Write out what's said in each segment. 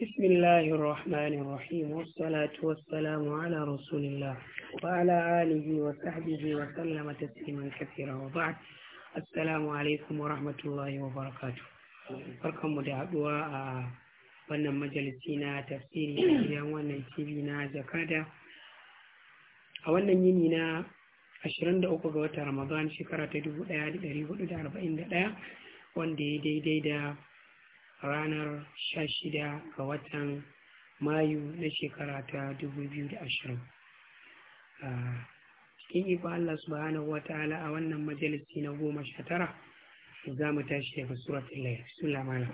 بسم الله الرحمن الرحيم والصلاة والسلام على رسول الله وعلى آله وصحبه وسلم تسليما كثيرا وبعد السلام عليكم mu da haduwa a wannan majalisi tafsiri a na zakada a wannan yini na 23 ga watan ramadan shekara ta 1441 wanda ya daidai da ranar 16 ga watan mayu na shekara ta dubu biyu da ashirin cikin iko Allah subhanahu wata'ala a wannan majalisi na goma sha tara za mu tashi daga surat layl bismillah mala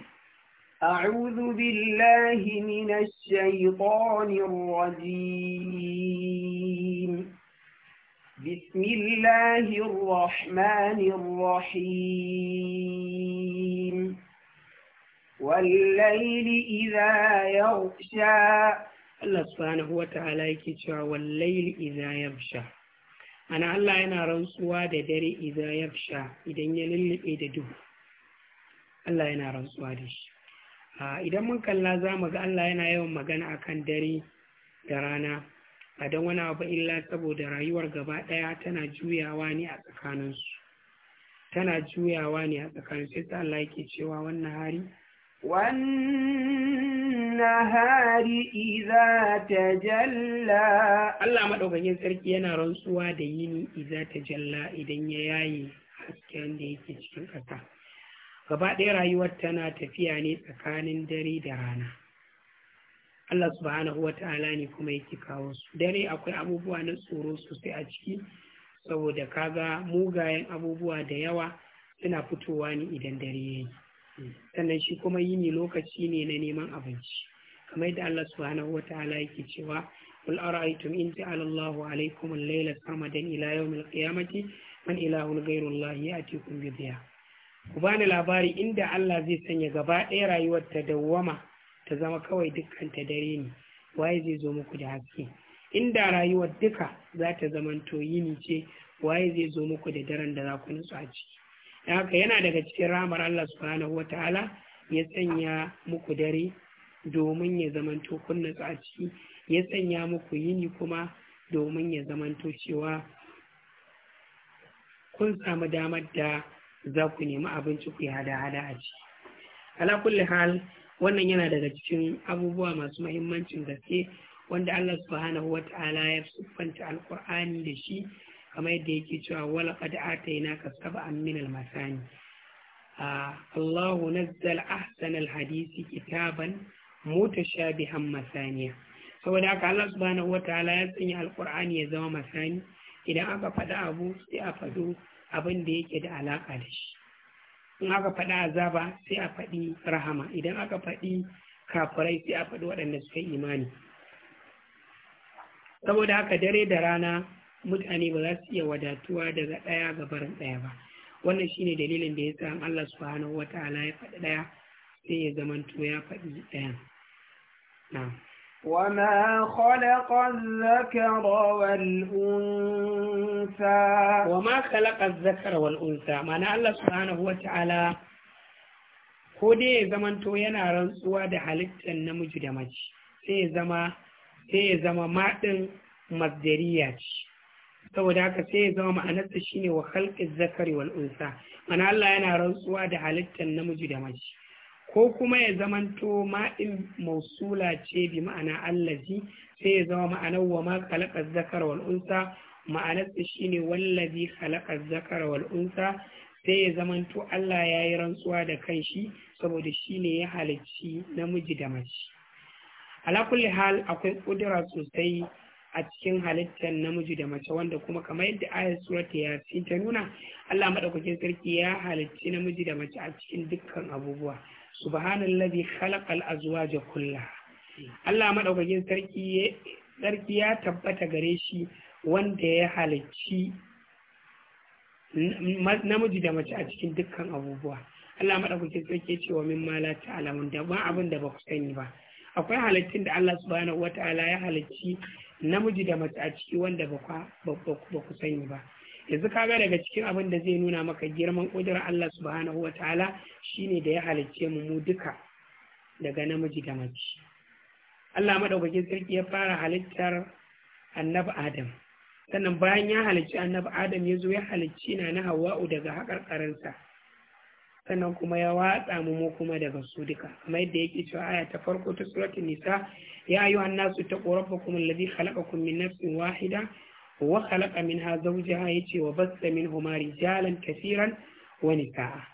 أعوذ بالله من الشيطان الرجيم بسم الله الرحمن الرحيم والليل إذا يغشى الله سبحانه وتعالى يكي والليل إذا يغشى ana Allah yana rantsuwa da dare idan ya idan ya lullube da duhu Allah yana rantsuwa da shi idan mun kalla za mu ga Allah yana yawan magana akan dare da rana a don wani abu illa saboda rayuwar gaba ɗaya tana juyawa ne a tsakaninsu tana juyawa ne a tsakaninsu sai Allah yake cewa wannan hari والنهار إذا تجلى الله ما دوكا sarki yana rantsuwa da yini iza tajalla idan ya yayi hasken da yake cikin ƙasa gaba ɗaya rayuwar tana tafiya ne tsakanin dare da rana Allah subhanahu Uwa ta'ala ne kuma yake kawo su dare akwai abubuwa na tsoro sosai a ciki saboda kaga mugayen abubuwa da yawa suna fitowa ne idan dare yayi sannan shi kuma yini lokaci ne na neman abinci kamar da Allah subhanahu wa ta'ala yake cewa qul ara'aytum in ja'ala Allahu alaykum al-layla sarmadan ila yawm al-qiyamati man ilahun ghayru Allah ya'tikum bi dhiya ku bani labari inda Allah zai sanya gaba ɗaya rayuwar ta dawwama ta zama kawai dukkan ta dare ne waye zai zo muku da haske inda rayuwar duka za ta zamanto yini ce waye zai zo muku da daren da za ku nutsu a ciki haka yana daga cikin ramar Allah subhanahu ta'ala ya sanya muku dare domin ya zamanto kunna a ciki ya sanya muku yini kuma domin ya zamanto cewa kun samu damar da za ku nemi abinci ku yi hada-hada a ciki ala kulli hal wannan yana daga cikin abubuwa masu mahimmancin gaske wanda Allah subhanahu wa ta'ala ya siffanta alkur'ani da shi kamar yadda yake cewa wala qad atayna ka sab'an min al masani Allah nazzal ahsan al hadisi kitaban mutashabihan masaniya saboda haka Allah subhanahu wataala ya sanya alqur'ani ya zama masani idan aka faɗi abu sai a faɗo abin da yake da alaƙa da shi in aka faɗi azaba sai a faɗi rahama idan aka faɗi kafirai sai a faɗi waɗanda suka imani saboda haka dare da rana mutane ba za su iya wadatuwa daga ɗaya ga barin ɗaya ba wannan shine dalilin da ya sa Allah subhanahu wataala ya faɗi ɗaya sai ya zamanto ya faɗi ɗaya na'am وما خلق الذكر والأنثى وما خلق الذكر والأنثى معنى الله سبحانه وتعالى ko dai ya zama to yana rantsuwa da halittar namiji da mace sai ya zama sai ya zama maɗin masdariya ce saboda haka sai ya zama ma'anarsa shine wa khalqiz zakari wal unsa mana Allah yana rantsuwa da halittar namiji da mace ko kuma ya zamanto ma'in mausula ce bi ma'ana allazi sai ya zama ma'anar wa ma khalaqa zakar wal unsa ma'anarsa shine wallazi khalaqa zakar wal unsa sai ya zamanto Allah ya yi rantsuwa da kanshi saboda shine ya halicci namiji da mace ala kulli hal akwai kudura sosai a cikin halittar namiji da mace wanda kuma kamar yadda ayar surata ya ta nuna Allah madaukakin sarki ya halicci namiji da mace a cikin dukkan abubuwa subhanallazi khalaqal azwaja kullaha Allah madaukakin sarki sarki ya tabbata gare shi wanda ya halicci namiji da mace a cikin dukkan abubuwa Allah madaukakin sarki ya ce wa min mala ta'lamun da ba abin da ba ku sani ba akwai halittun da Allah subhanahu wata'ala ya halicci namiji da mace a ciki wanda ba ku sani ba yanzu kaga daga cikin abin da zai nuna maka girman ƙudurar Allah subhanahu wa ta'ala shine da ya halicce mu mu duka daga namiji da mace Allah madaukakin sarki ya fara halittar annabi Adam sannan bayan ya halicci annabi Adam ya zo ya halicci na na Hawwa'u daga haƙarƙarinsa sannan kuma ya watsa mu mu kuma daga su duka kamar yadda yake cewa aya ta farko ta suratul nisa ya ayyuhan nasu taqurabbakum alladhi khalaqakum min nafsin wahida wa khalaqa minha zawjaha yace wa bassa minhuma rijalan kaseeran wa nisaa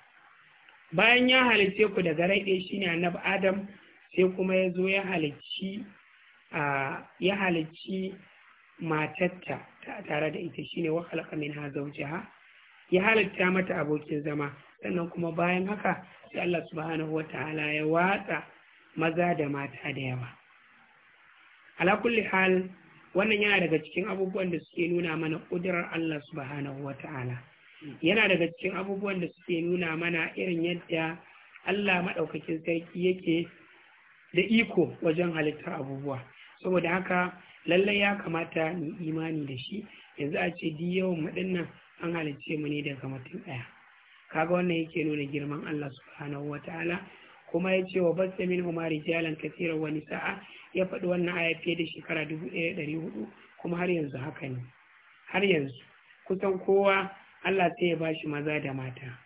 bayan ya halice ku daga rai ɗaya shine annabi adam sai kuma ya zo ya halicci ya halici matarta tare da ita shine wa khalaqa minha zawjaha ya halitta mata abokin zama sannan kuma bayan haka sai Allah subhanahu ta'ala ya watsa maza da mata da yawa ala kulli hal wannan yana daga cikin abubuwan da suke nuna mana ƙudurar Allah subhanahu ta'ala yana daga cikin abubuwan da suke nuna mana irin yadda Allah maɗaukakin sarki yake da iko wajen halittar abubuwa saboda haka lallai ya kamata mu imani da shi yanzu a ce di yawan maɗin nan an halicce mu ne daga mutum ɗaya kaga wannan yake nuna girman Allah subhanahu wataala kuma ya ce wa basta min huma rijalan kasirar wani sa'a ya faɗi wannan aya fiye da shekara ɗaya 1400 kuma har yanzu haka ne har yanzu kusan kowa Allah sai ya bashi maza da mata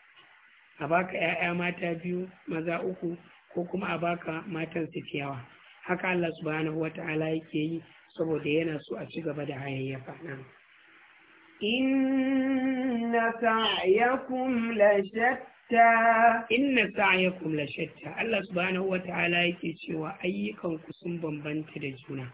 a baka ƴaƴa mata biyu maza uku ko kuma a baka matan su yawa haka Allah subhanahu wataala yake yi saboda yana so a ci gaba da hayayyafa nan إن ya لشتى shatta, Allah لشتى الله wa ta'ala yake cewa ayyukanku sun bambanta da juna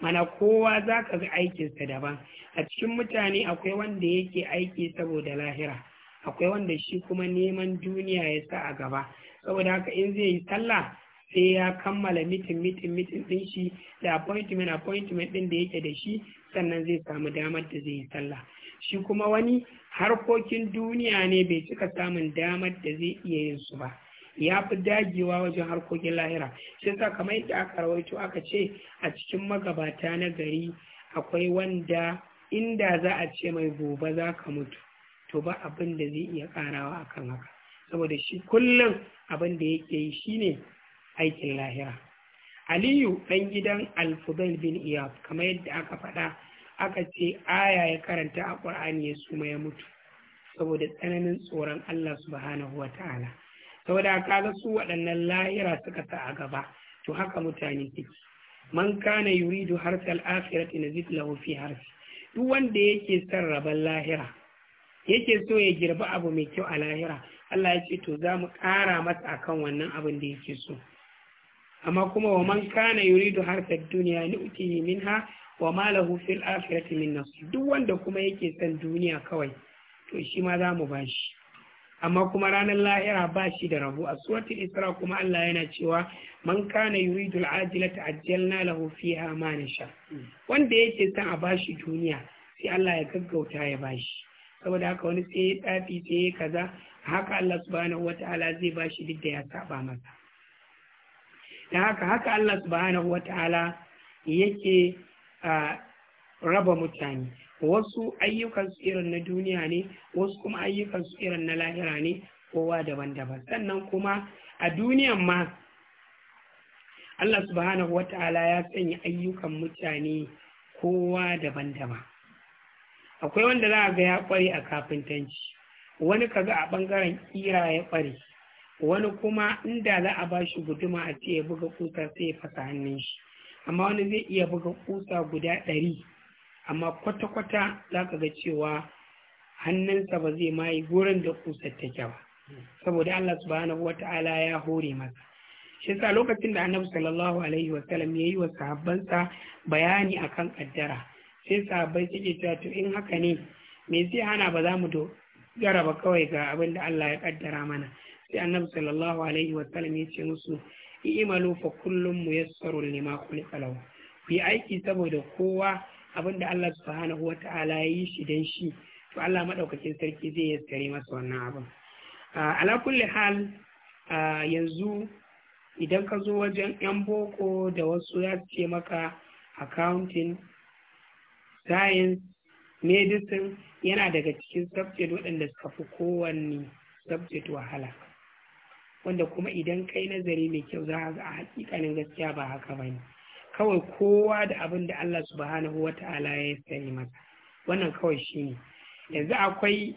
mana kowa za ka ga aikinsa daban a cikin mutane akwai wanda yake aiki saboda lahira akwai wanda shi kuma neman duniya ya sa a gaba saboda haka in zai yi sallah sai ya kammala mitin mitin mitin din shi da appointment appointment din da yake da shi sannan zai samu damar da zai yi sallah shi kuma wani harkokin duniya ne bai cika samun damar da zai iya yin su ba ya fi dagewa wajen harkokin lahira shi sa kamar yadda aka rawaito aka ce a cikin magabata na gari akwai wanda inda za a ce mai gobe za ka mutu to ba abin da zai iya karawa akan haka saboda shi kullum abin da yake yi shine aikin lahira aliyu ɗan gidan Alfudal bin iyab kamar yadda aka faɗa aka ce aya ya karanta a ƙur'ani ya suma ya mutu saboda tsananin tsoron allah subhanahu wa ta'ala saboda kaga su waɗannan lahira suka sa a gaba to haka mutane suke man kana yuridu harsal akhirati nazid lahu fi duk wanda yake son rabon lahira yake so ya girba abu mai kyau a lahira Allah ya ce to za mu ƙara masa akan wannan abin da yake so amma kuma wa man kana yuridu harkar duniya ni min minha wa ma lahu fil akhirati min nasib duk wanda kuma yake son duniya kawai to shi ma za mu bashi amma kuma ranar lahira ba shi da rabu a suwatul isra kuma Allah yana cewa man kana yuridu ajilata ajjalna lahu fiha ma nasha wanda yake son a bashi duniya sai Allah ya gaggauta ya bashi saboda haka wani sai ya tsafi sai ya kaza haka Allah subhanahu wataala zai bashi duk da ya saba masa da haka haka Allah subhanahu wa ta'ala yake raba mutane wasu ayyukansu irin na duniya ne wasu kuma ayyukansu irin na lahira ne kowa daban-daban sannan kuma a duniyan ma Allah subhanahu wata'ala ya sanya ayyukan mutane kowa daban-daban akwai wanda za a ga ya kware a kafintanci wani kaga a ɓangaren kira ya kware wani kuma inda za a ba guduma a ce ya buga kusa sai ya fasa hannun shi amma wani zai iya buga kusa guda ɗari amma kwata-kwata za ka ga cewa hannunsa ba zai yi, gurin da kusa ta ba saboda Allah subhanahu wata'ala ya hore masa shi sa lokacin da annabi sallallahu alaihi wa sallam ya yi wa sahabbansa bayani akan kaddara sai sahabbai suke cewa to in haka ne me zai hana ba za mu dogara ba kawai ga abin da Allah ya kaddara mana sai annabi sallallahu alaihi wasallam ya ce musu i'malu fa kullum muyassaru lima khuliqa lahu yi aiki saboda kowa abinda Allah subhanahu wata'ala ya yi shi dan shi to Allah madaukakin sarki zai yassare masa wannan abin ala kulli hal yanzu idan ka zo wajen yan boko da wasu ya ce maka accounting science medicine yana daga cikin subject waɗanda suka fi kowanne subject wahala wanda kuma idan kai nazari mai kyau za ga a hakikanin gaskiya ba haka ba ne kawai kowa da abin da Allah subhanahu wa ta'ala ya sani masa wannan kawai shi ne yanzu akwai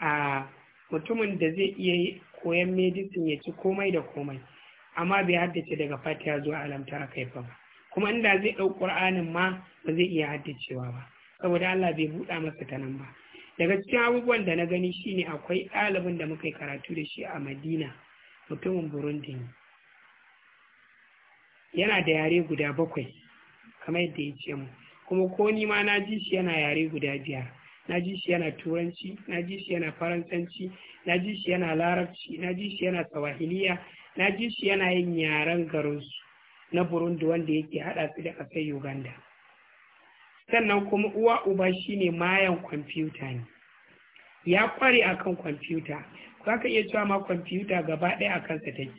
a mutumin da zai iya koyan medicine ya ci komai da komai amma bai haddace daga fatiya zuwa a kaifa ba kuma inda zai ɗau ƙur'anin ma ba zai iya haddacewa ba saboda Allah bai buɗa masa ta nan ba daga cikin abubuwan da na gani shine akwai ɗalibin da muka yi karatu da shi a Madina mutumin burundi ne yana da yare guda bakwai kamar yadda ya ce mu kuma ko ni ma na ji shi yana yare guda biyar na ji shi yana turanci na ji shi yana faransanci na ji shi yana larabci na ji shi yana sawahiliya na ji shi yana yin yaren garinsu na burundi wanda yake haɗa su da ƙasar uganda sannan kuma uwa uba shine mayan kwamfuta ne ya kware akan kwamfuta za ka iya cewa ma kwamfuta gaba ɗaya a kansa take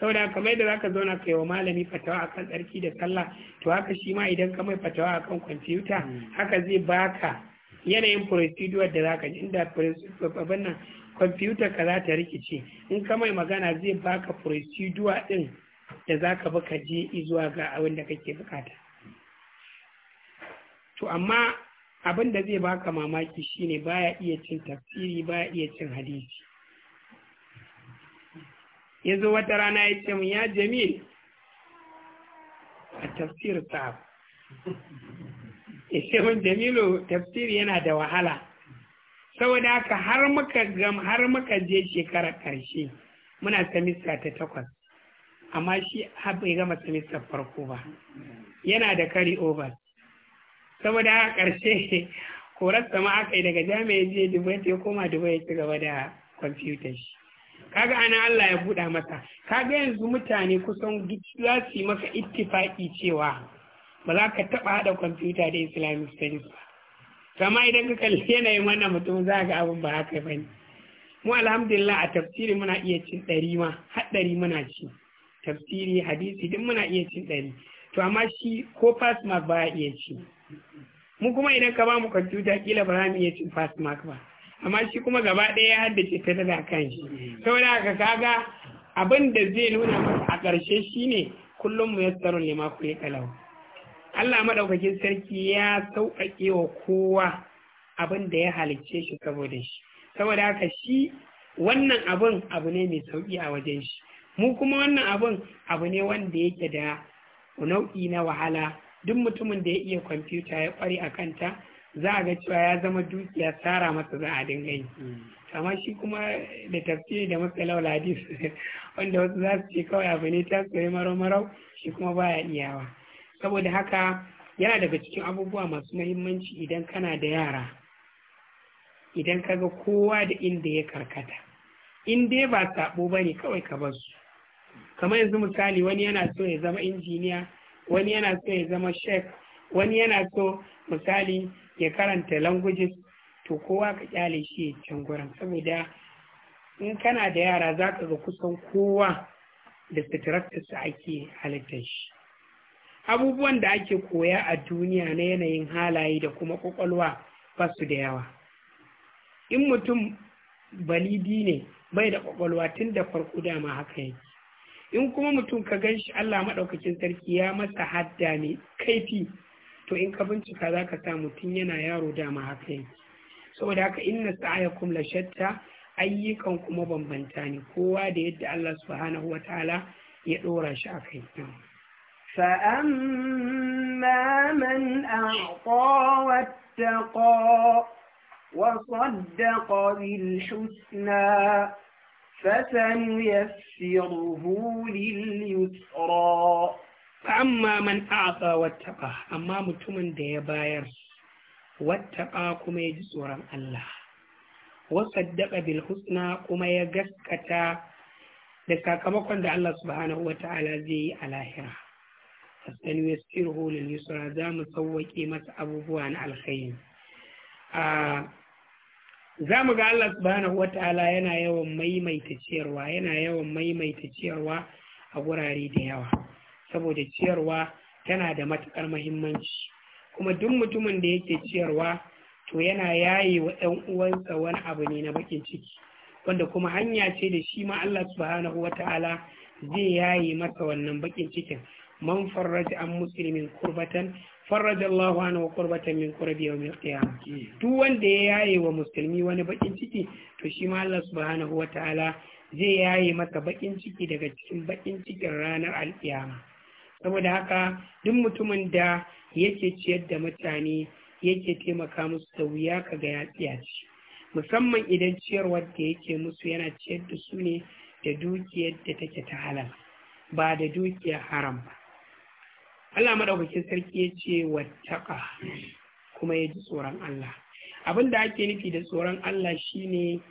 saboda kamar yadda za ka zauna ka yi wa malami fatawa a kan tsarki da sallah to haka shi ma idan ka mai fatawa a kan kwamfuta hmm. haka zai baka yanayin procedure da za ka ji inda abin nan kwamfuta ka za ta rikice in ka mai magana zai baka procedure ɗin da za ka baka je zuwa ga abin da kake bukata to amma abin da zai baka mamaki shine baya iya cin tafsiri baya iya cin hadisi Yanzu wata rana ya ce mu ya jamil a tafsir sahab ya ce mun jamilu tafsir yana da wahala saboda haka har muka gam har muka je shekara ƙarshe muna samista ta takwas amma shi bai gama samista farko ba yana da kari over saboda haka ƙarshe korarsa ma aka yi daga jami'ai je dubai ta koma dubai ya ci gaba da kwamfutar shi kaga ana Allah ya buɗa masa kaga yanzu mutane kusan za su yi maka ittifaki cewa ba za ka taɓa haɗa kwamfuta da islamic studies ba kama idan ka kalli yanayin wannan mutum za ga abin ba haka ba ne mu alhamdulillah a tafsiri muna iya cin ɗari ma har ɗari muna ci tafsiri hadisi duk muna iya cin ɗari to amma shi ko fast mark ba iya ci mu kuma idan ka ba mu kwamfuta kila ba za mu iya cin fast mark ba amma shi kuma gaba ɗaya ya haddace ta daga kan shi saboda haka kaga abin da zai nuna masa a ƙarshe shine kullum mu yassaru lima kulli kalau Allah maɗaukakin sarki ya sauƙaƙe wa kowa abin da ya halicce shi saboda shi saboda haka shi wannan abin abu ne mai sauƙi a wajen shi mu kuma wannan abin abu ne wanda yake da nau'i na wahala duk mutumin da ya iya kwamfuta ya ƙware a kanta za a ga cewa ya zama dukiya tsara masa za a dinga yi amma shi kuma da tafiye da matsalau hadis wanda wasu za su ce kawai abu ne ta tsaye marau-marau shi kuma baya iyawa saboda haka yana daga cikin abubuwa masu mahimmanci idan kana da yara idan ka ga kowa da inda ya karkata in dai ba sabo ba ne kawai ka bar su kamar yanzu misali wani yana so ya zama injiniya wani yana so ya zama shek wani yana so misali ya karanta languages to kowa ka kyale shi ya can gurin saboda in kana da yara za ka ga kusan kowa da su ake halittar shi abubuwan da ake koya a duniya na yanayin halaye da kuma kwakwalwa ba su da yawa in mutum balidi ne bai da kwakwalwa tun da farko dama haka yake in kuma mutum ka gan shi allah maɗaukakin sarki ya masa hadda mai kaifi to in ka bincika za ka sa mutum yana yaro dama haka yi saboda haka inna ya la shatta ayyukan kuma bambanta ne kowa da yadda Allah subhanahu wa ta'ala ya dora shi a kai فأما من أعطى واتقى وصدق بالحسنى فسنيسره amma man a'ata wattaqa amma mutumin da ya bayar wattaqa kuma ya ji tsoron Allah wa saddaqa bil husna kuma ya gaskata da sakamakon da Allah subhanahu wata'ala zai yi a lahira fasan yasiruhu lil yusra za mu sauwake masa abubuwa na alkhairi a za mu ga Allah subhanahu wata'ala yana yawan maimaita ciyarwa yana yawan maimaita ciyarwa a gurare da yawa saboda ciyarwa tana da matuƙar mahimmanci kuma duk mutumin da yake ciyarwa to yana yaye wa ɗan uwansa wani abu ne na bakin ciki wanda kuma hanya ce da shi ma Allah subhanahu ta'ala zai yaye masa wannan bakin cikin man farraja an muslimin kurbatan farraja Allahu wa kurbatan min kurbi yawmil qiyamah duk wanda ya yaye wa musulmi wani bakin ciki to shi ma Allah subhanahu ta'ala zai yaye masa bakin ciki daga cikin bakin cikin ranar alƙiyama. saboda haka duk mutumin da yake ciyar da mutane yake taimaka musu da wuya ka kaga ya ce musamman idan ciyarwar da yake musu yana ciyar da su ne da dukiyar da take ta halal ba da dukiyar haram ba Allah madaukakin sarki ya ce wattaka kuma ya ji tsoron Allah abin da ake nufi da tsoron Allah shine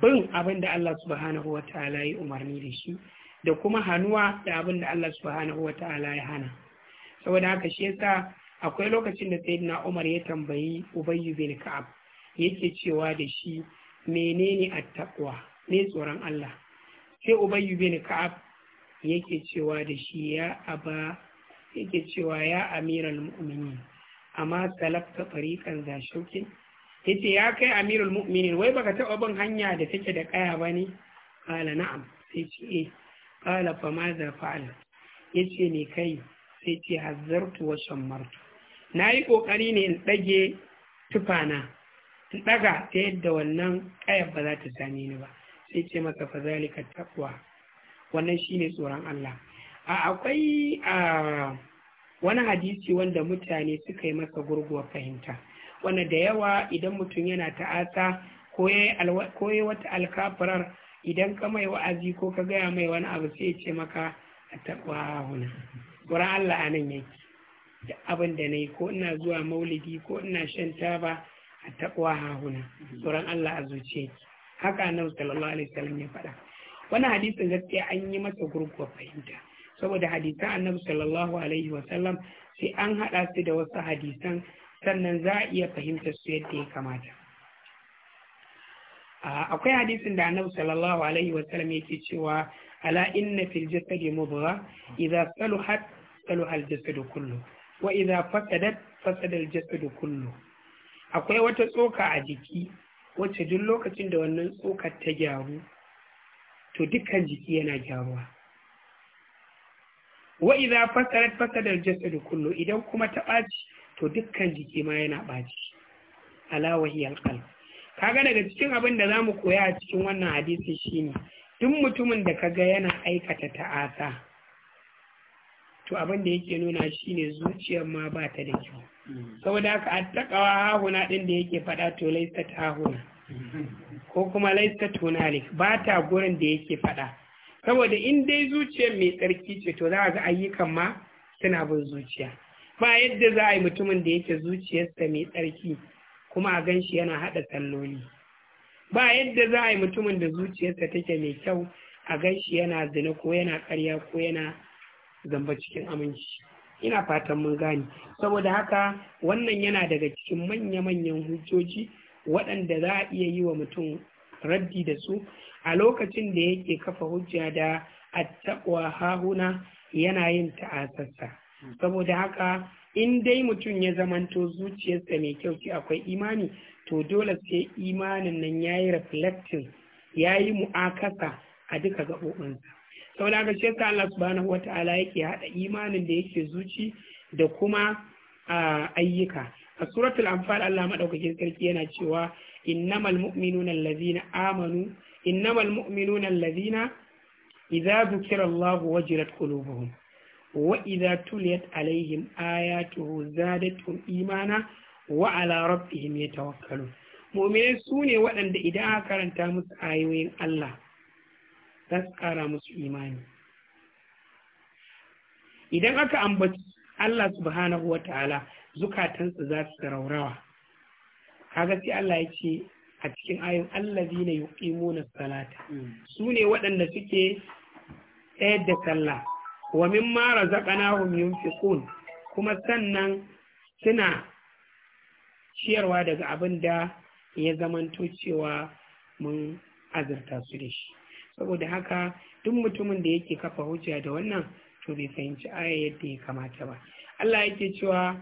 bin abin da Allah subhanahu wa ta'ala ya umarni da shi da kuma hannuwa da abin da Allah subhanahu wa ta'ala ya hana saboda haka shi yasa akwai lokacin da sayyidina Umar ya tambayi Ubayy bin Ka'ab yake cewa da shi menene at-taqwa ne tsoron Allah sai Ubayy bin Ka'ab yake cewa da shi ya aba yake cewa ya amiral mu'minin amma talabta tariqan za shaukin yace ya kai amirul mu'minin wai baka taɓa bin hanya da take da kaya bane kala na'am sai ce eh qala fa madha ya ce me kai sai ce hazzartu wa shammartu nayi ƙoƙari ne in ɗage tufana in ɗaga ta yadda wannan kayar ba za ta same ni ba sai ce maka fa zalika taqwa wannan shine tsoron Allah a akwai a wani hadisi wanda mutane suka yi masa gurguwa fahimta wanda da yawa idan mutum yana ta'asa ko ya wata alkafirar idan ka mai wa'azi ko ka gaya mai wani abu sai ce maka a taɓa huna wurin Allah a nan yake da abin da na yi ko ina zuwa maulidi ko ina shan taba a taɓa huna wurin Allah a zuciya haka annabi sallallahu alaihi wasallam ya faɗa Wani hadisin gaskiya an yi masa gurguwa fahimta saboda hadisan annabi sallallahu alaihi wasallam sai an haɗa su da wasu hadisan sannan za a iya fahimtar su yadda ya kamata akwai hadisin da annabi sallallahu alaihi wa sallam yake cewa ala inna fil jasadi mudgha idza saluhat saluha al jasadu kullu wa idza fasadat fasada al jasadu kullu akwai wata tsoka a jiki wacce duk lokacin da wannan tsokar ta gyaru to dukkan jiki yana gyaruwa wa idza fasadat fasada al jasadu kullu idan kuma ta ɓaci to dukkan jiki ma yana ɓaci ala wahiyal qalb kaga daga cikin abin da za mu koya a cikin wannan hadisi shine duk mutumin da kaga yana aikata ta'asa to abin da yake nuna shine zuciyar ma ba ta da kyau mm. saboda haka attaqawa hahuna din da yake faɗa to laisa ta hahuna ko kuma laisa tunalik ba ta gurin da yake faɗa saboda in dai zuciyar mai tsarki ce to za ga ayyukan ma suna bin zuciya ba yadda za a yi mutumin da yake zuciyarsa mai tsarki kuma a gan shi yana haɗa salloli ba yadda za a yi mutumin da zuciyarsa take mai kyau a gan shi yana zina ko yana karya ko yana zamba cikin aminci ina fatan mun gane saboda haka wannan yana daga cikin manya-manyan hujjoji waɗanda za a iya yi wa mutum raddi da su a lokacin da yake kafa hujja da a taɓa hahuna yana yin ta'asarsa saboda haka in dai mutum ya zamanto zuciyarsa mai kyau ce akwai imani to dole sai imanin nan ya yi reflecting ya yi mu'akasa a duka gaɓoɓinsa sau da shi yasa Allah subhanahu wa yake haɗa imanin da yake zuci da kuma ayyuka a suratul anfal Allah madaukakin sarki yana cewa innamal mu'minuna allazina amanu innamal mu'minuna allazina idza dhukira Allah wa idza tuliyat alaihim ayatuhu zadatuhum imana wa ala rabbihim yatawakkalun mu'mine su ne waɗanda idan aka karanta musu ayoyin Allah za su ƙara musu imani idan aka ambaci Allah subhanahu wa ta'ala zukatansu za su raurawa kaga sai Allah ya ce a cikin ayin allazina yuqimuna salata hmm. su ne waɗanda suke tsayar da sallah wa min mimma razaqnahum yunfiqun kuma sannan suna ciyarwa daga abin da ya zamanto cewa mun azurta su da shi saboda haka duk mutumin da yake kafa hujja da wannan to bai fahimci aya yadda ya kamata ba Allah yake cewa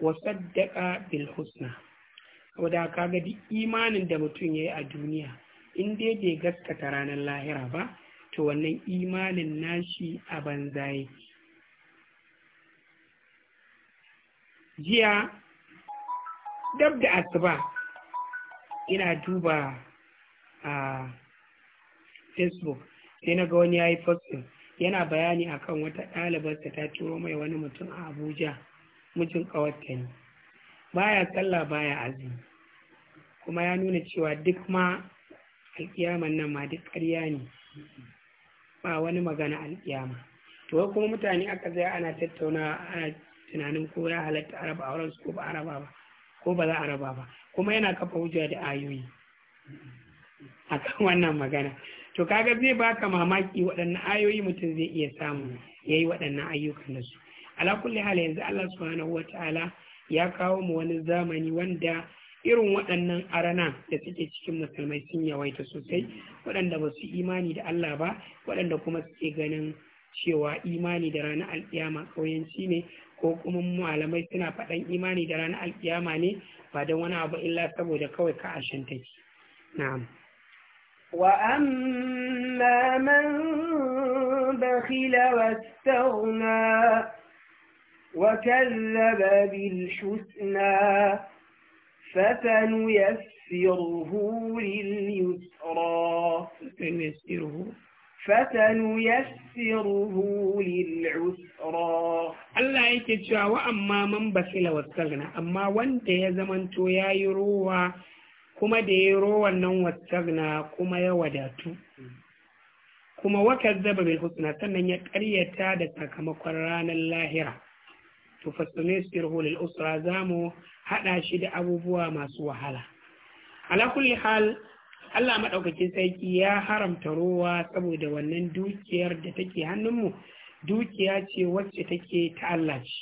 wa saddaqa bil husna saboda kaga duk imanin da mutum yayi a duniya in dai bai gaskata ranar lahira ba to wannan imanin nashi a banza jiya dab da asuba ina duba a facebook sai na ga wani ya yi posting yana bayani akan wata ɗalibarsa ta turo mai wani mutum a abuja mijin ƙawarta ne baya sallah baya azumi kuma ya nuna cewa duk ma alƙiyaman nan ma duk ƙarya ne ba wani magana alƙiyama to kuma mutane aka zai ana tattauna ana tunanin ko ya halatta araba a su ko ba araba ba ko ba za a raba ba kuma yana kafa hujja da ayoyi akan wannan magana to kaga zai baka mamaki waɗannan ayoyi mutum zai iya samu yi waɗannan ayyukan da su ala kulli hali yanzu Allah subhanahu ta'ala ya kawo mu wani zamani wanda irin waɗannan arana da suke cikin musulmai sun yawaita sosai waɗanda ba su imani da Allah ba waɗanda kuma suke ganin cewa imani da ranar alƙiyama ƙauyenci ne ko kuma malamai suna faɗan imani da ranar alkiyama ne ba don wani abu illa saboda kawai ka ashen ki na'am وأما من بخل واستغنى وكذب بالحسنى فسنيسره لليسرى فسنيسره فسنيسره للعسرى الله yake cewa wa amma man basila wastagna amma wanda ya zamanto yayi rowa kuma da yayi rowan nan wastagna kuma ya wadatu kuma wakazzaba bil husna sannan ya ƙaryata da sakamakon ranar lahira to fastanisiru lil usra zamu haɗa shi da abubuwa masu wahala ala kulli hal Allah madaukakin sarki ya haramta ruwa saboda wannan dukiyar da take hannunmu dukiya ce wacce take ta Allah ce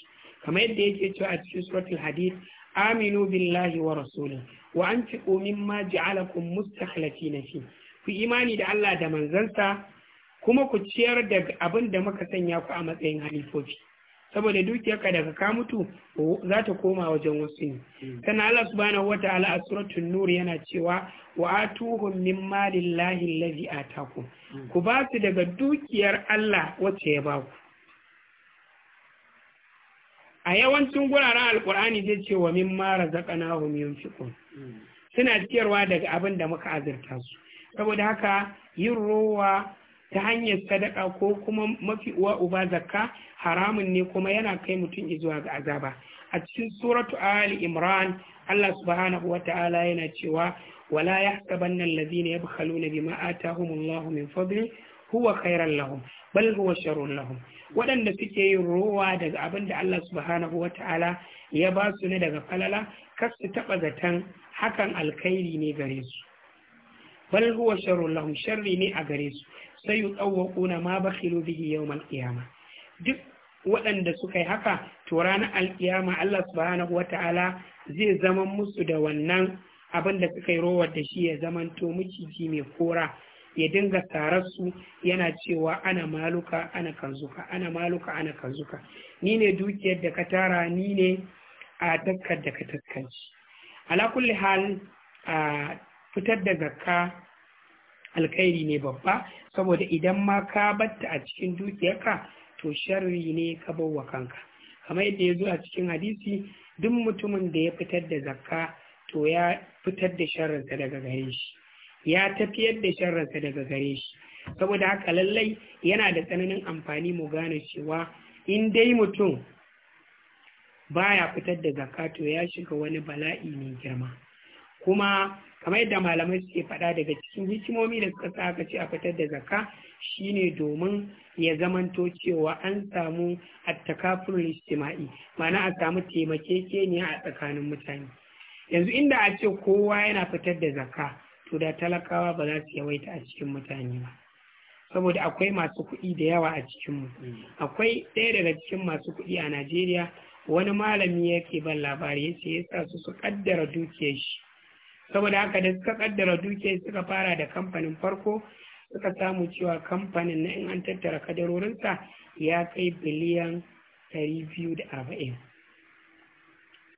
kamar yadda yake cewa a cikin suratul hadid aminu billahi wa rasulih wa anfiqu mimma ja'alakum mustakhlifina fi ku imani da Allah da manzansa kuma ku ciyar da abinda muka sanya ku a matsayin halifofi saboda dukiyarka daga ka mutu za ta koma wajen wasu ne hmm. sannan Allah subhanahu wata'ala a suratun nur yana cewa wa atuhum min lazi a taku! ku ba su daga dukiyar Allah wacce ya ba ku a yawancin guraren alkur'ani zai ce wa min mara ma min yunfiqun hmm. suna ciyarwa daga abin da muka azirta su saboda haka yin rowa ta hanyar sadaka ko kuma mafi uwa uba zakka haramun ne kuma yana kai mutum izuwa ga azaba a cikin suratu ali imran Allah subhanahu ta'ala yana cewa wala yahsabanna allazina yabkhaluna bima Allah min fadli huwa khairan lahum bal huwa sharrun lahum waɗanda suke yin ruwa daga abinda Allah subhanahu ta'ala ya ba su ne daga falala kar su taɓa zaton hakan alkhairi ne gare su bal huwa sharrun lahum sharri ne a gare su sai na ma ba bihi yawm al duk waɗanda suka yi haka to ranar alƙiyama Allah subhanahu ta'ala zai zama musu da wannan abin da suka yi rowar da shi ya zamanto miciji mai kora ya dinga tararsu yana cewa ana maluka ana kanzuka ana maluka ana kanzuka ni ne dukiyar da ka tara ni ne a takkar da ka taskanci ala kulli hal a fitar da zakka alkhairi ne babba saboda idan ma ka batta a cikin dukiyarka to sharri ne ka bawa kanka kamar yadda ya zo a cikin hadisi duk mutumin da ya fitar da zakka to ya fitar da sharrinsa daga gare shi ya tafiyar da sharrinsa daga gare shi saboda haka lallai yana da tsananin amfani mu gane cewa in dai mutum baya fitar da zakka to ya shiga wani bala'i mai girma kuma kamar yadda malamai suke faɗa daga cikin hikimomi da suka sa aka ce a fitar da zakka shine domin ya zamanto cewa an samu attakafurul istima'i ma'ana a samu taimakekeniya a tsakanin mutane yanzu inda a ce kowa yana fitar da zakka to da talakawa ba za su yawaita a cikin mutane ba saboda akwai masu kuɗi da yawa a cikinmu akwai ɗaya daga cikin masu kuɗi a najeriya wani malami yake ban labari ya ce ya sa su su ƙaddara dukiyar shi saboda haka da suka kaddara dukiya suka fara da kamfanin farko suka samu cewa kamfanin na in an tattara kadarorinsa ya kai biliyan 240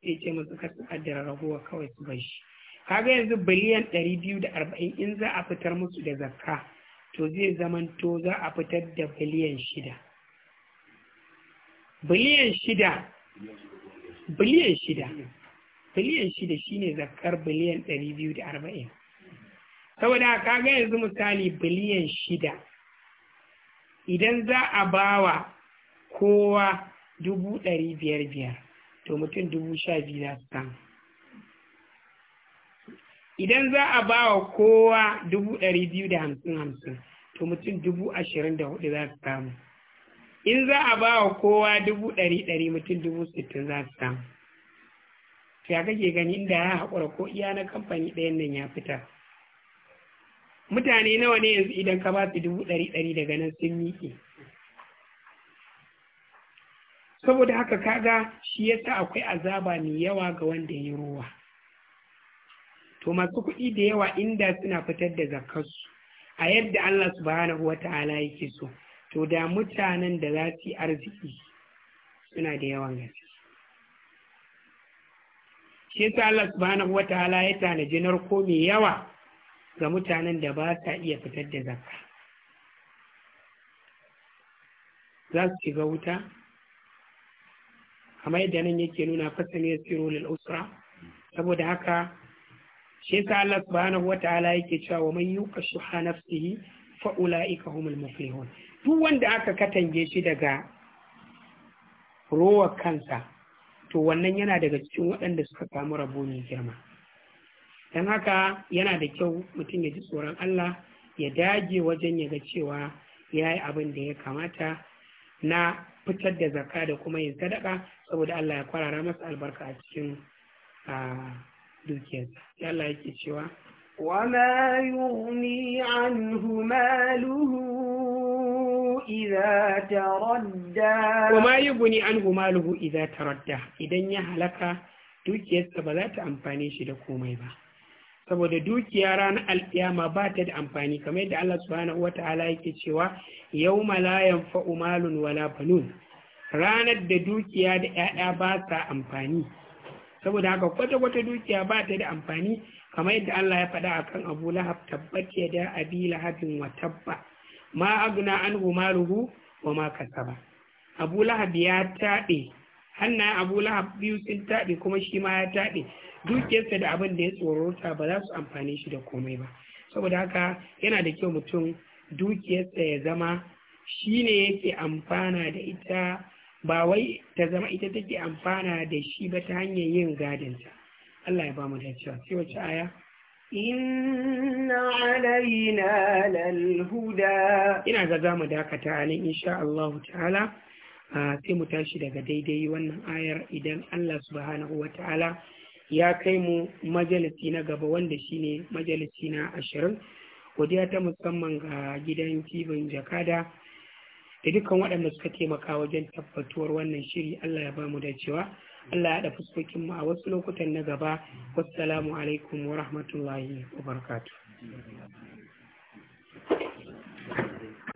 sai ce masu kasu kaddara raguwa kawai su shi kaga yanzu biliyan 240 in za a fitar musu da zakka to zai zamanto za a fitar da biliyan shida biliyan shida biliyan shida biliyan shida ne zakar biliyan ɗari biyu da arba'in saboda ka ga yanzu misali biliyan shida idan za a ba wa kowa dubu ɗari biyar biyar to mutum dubu sha biyu za su samu idan za a ba wa kowa dubu ɗari biyu da hamsin hamsin to mutum dubu ashirin da hudu za su samu in za a ba wa kowa dubu ɗari ɗari mutum dubu sittin za su samu ya kake ganin da ya haƙura ko iya na kamfani ɗayan nan ya fita mutane nawa ne yanzu idan ka ba su dubu ɗari ɗari daga nan sun miƙe saboda haka kaga shi yasa akwai azaba mai yawa ga wanda ya ruwa to masu kuɗi da yawa inda suna fitar da zakarsu a yadda Allah subhanahu wa ta'ala yake so to da mutanen da za su yi arziki suna da yawan gaske shi yasa Allah subhanahu ta'ala ya tanaji narko mai yawa ga mutanen da ba sa iya fitar da zakka za su shiga wuta kamar yadda nan yake nuna fasali ya tsiro usra saboda haka shi yasa Allah subhanahu wataala yake cewa wa man yuqa shuha nafsihi fa ulaika humul muflihun duk wanda aka katange shi daga rowar kansa to wannan yana daga cikin waɗanda suka samu rabo mai girma don haka yana da kyau mutum ya ji tsoron Allah ya dage wajen ya ga cewa ya yi abin da ya kamata na fitar da zakka da kuma yin sadaka saboda Allah ya kwarara masa albarka a cikin dukiyarsa Ya Allah yake cewa wala yughni anhu maluhu إذا تردى وما يغني عنه ماله إذا idan ya يهلك dukiyarsa ba za ta amfane shi da komai ba saboda dukiya ranar alkiyama ba ta da amfani kamar yadda Allah subhanahu wata'ala yake cewa yau la yanfa'u malun wala banun ranar da dukiya da 'ya'ya ba sa amfani saboda haka kwata-kwata dukiya ba ta da amfani kamar yadda Allah ya faɗa akan Abu Lahab tabbat ya da Abi Lahabin wa tabba ma agna Maruhu, maluhu wa ma kasaba abu lahab ya taɓe hannayen abu lahab biyu sun taɗe kuma shi ma ya taɗe dukiyarsa da abin da ya tsorota ba za su amfane shi da komai ba saboda haka yana da kyau mutum dukiyarsa ya zama shi ne yake amfana da ita ba wai ta zama ita take amfana da shi ba ta hanyar yin gadinta Allah ya ba mu cewa sai wace aya Inna علينا ina إن هذا ما mu dakata إن شاء Allah ta'ala sai mu tashi daga daidai wannan ayar idan Allah subhanahu wa ta'ala ya kai mu majalisi na gaba wanda shine majalisi na ashirin godiya ta musamman ga gidan tibin jakada da dukkan waɗanda suka taimaka wajen tabbatuwar wannan shiri Allah ya ba mu da cewa Allah ya da fuskokin mu a wasu lokutan na gaba wassalamu alaikum wa rahmatullahi wa barakatuh